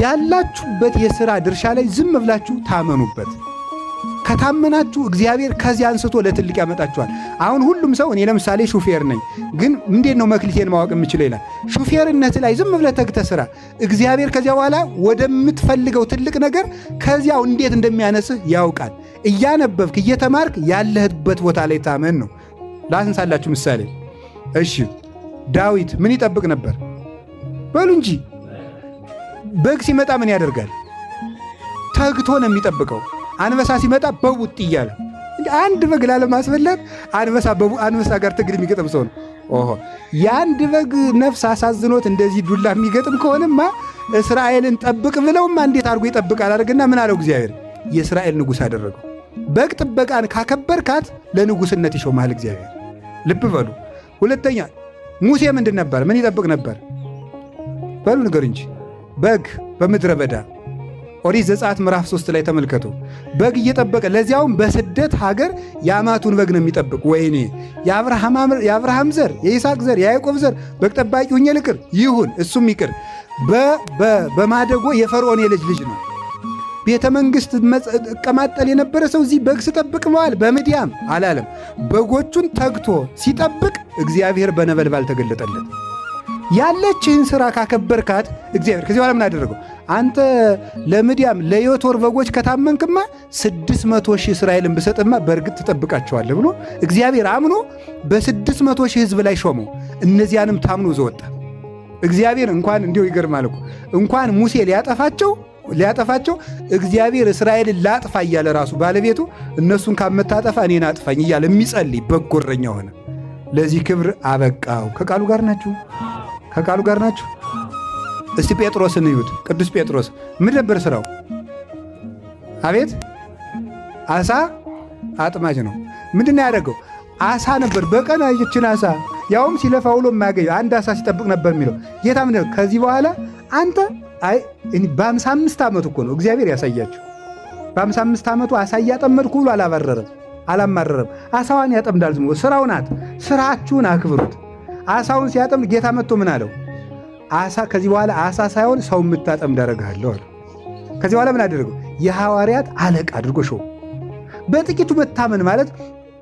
ያላችሁበት የሥራ ድርሻ ላይ ዝም ብላችሁ ታመኑበት። ከታመናችሁ እግዚአብሔር ከዚህ አንስቶ ለትልቅ ያመጣችኋል። አሁን ሁሉም ሰው እኔ ለምሳሌ ሹፌር ነኝ፣ ግን እንዴት ነው መክሊቴን ማወቅ የምችለው ይላል። ሹፌርነት ላይ ዝም ብለህ ተግተህ ስራ። እግዚአብሔር ከዚያ በኋላ ወደምትፈልገው ትልቅ ነገር ከዚያው እንዴት እንደሚያነስህ ያውቃል። እያነበብክ እየተማርክ ያለህበት ቦታ ላይ ታመን ነው። ላንሳላችሁ ምሳሌ። እሺ ዳዊት ምን ይጠብቅ ነበር? በሉ እንጂ በግ ሲመጣ ምን ያደርጋል? ተግቶ ነው የሚጠብቀው። አንበሳ ሲመጣ በውጥ እያለ አንድ በግ ላለማስበላት አንበሳ ጋር ትግል የሚገጥም ሰው ነው። ኦሆ የአንድ በግ ነፍስ አሳዝኖት እንደዚህ ዱላ የሚገጥም ከሆነማ እስራኤልን ጠብቅ ብለውማ እንዴት አድርጎ ይጠብቃል? አድርግና ምን አለው እግዚአብሔር የእስራኤል ንጉሥ አደረገው። በግ ጥበቃን ካከበርካት ለንጉሥነት ይሾማል እግዚአብሔር። ልብ በሉ። ሁለተኛ ሙሴ ምንድን ነበር? ምን ይጠብቅ ነበር? በሉ ንገር እንጂ በግ በምድረ በዳ ኦሪት ዘጸአት ምዕራፍ 3 ላይ ተመልከቱ። በግ እየጠበቀ ለዚያውም በስደት ሀገር የአማቱን በግ ነው የሚጠብቅ። ወይኔ የአብርሃም ዘር የይስሐቅ ዘር የያዕቆብ ዘር በግ ጠባቂ ሁኜ ልቅር? ይሁን፣ እሱም ይቅር። በማደጎ የፈርዖን የልጅ ልጅ ነው። ቤተ መንግሥት እቀማጠል የነበረ ሰው እዚህ በግ ስጠብቅ መዋል በምድያም አላለም። በጎቹን ተግቶ ሲጠብቅ እግዚአብሔር በነበልባል ተገለጠለት። ያለችህን ስራ ካከበርካት እግዚአብሔር ከዚህ በኋላ ምን አደረገው? አንተ ለምድያም ለዮቶር በጎች ከታመንክማ ስድስት ሺህ እስራኤልን ብሰጥማ በእርግጥ ትጠብቃቸዋለህ ብሎ እግዚአብሔር አምኖ በስድስት 600 ሺህ ህዝብ ላይ ሾመው። እነዚያንም ታምኖ ዘወጣ። እግዚአብሔር እንኳን እንዲሁ ይገርማል እኮ እንኳን ሙሴ ሊያጠፋቸው ሊያጠፋቸው እግዚአብሔር እስራኤልን ላጥፋ እያለ ራሱ ባለቤቱ እነሱን ካመታጠፋ እኔን አጥፋኝ እያለ የሚጸልይ በጎረኛ ሆነ። ለዚህ ክብር አበቃው። ከቃሉ ጋር ናችሁ። ከቃሉ ጋር ናችሁ? እስቲ ጴጥሮስን እዩት። ቅዱስ ጴጥሮስ ምን ነበር ስራው? አቤት አሳ አጥማጅ ነው። ምንድን ነው ያደረገው? አሳ ነበር። በቀን አየችን አሳ፣ ያውም ሲለፋ ውሎ የማያገኝ አንድ አሳ ሲጠብቅ ነበር የሚለው ጌታ። ምን ከዚህ በኋላ አንተ በአምሳ አምስት ዓመቱ እኮ ነው እግዚአብሔር ያሳያችሁ። በአምሳ አምስት ዓመቱ አሳ እያጠመድኩ ብሎ አላባረረም፣ አላማረረም። አሳዋን ያጠምዳል። ዝም ስራው ናት። ስራችሁን አክብሩት። አሳውን ሲያጠምድ ጌታ መጥቶ ምን አለው? አሳ ከዚህ በኋላ አሳ ሳይሆን ሰው የምታጠምድ አደርግሃለሁ አለ። ከዚህ በኋላ ምን አደረገው? የሐዋርያት አለቃ አድርጎ ሾው። በጥቂቱ መታመን ማለት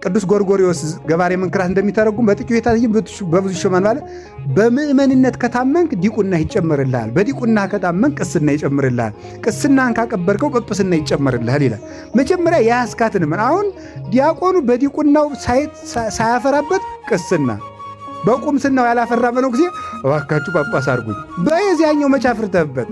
ቅዱስ ጎርጎሪዎስ ገባሬ መንክራት እንደሚተረጉም በጥቂቱ የታየ በብዙ ይሾማል ማለት በምእመንነት ከታመንክ ዲቁና ይጨመርልሃል፣ በዲቁና ከታመንክ ቅስና ይጨምርልሃል፣ ቅስናን ካቀበርከው ጵጵስና ይጨመርልሃል ይላል። መጀመሪያ የያስካትን ምን አሁን ዲያቆኑ በዲቁናው ሳያፈራበት ቅስና በቁም ስናው ያላፈራ መነኩሴ እባካችሁ ጳጳስ አድርጉኝ በየዚያኛው መቻ አፍርተህበት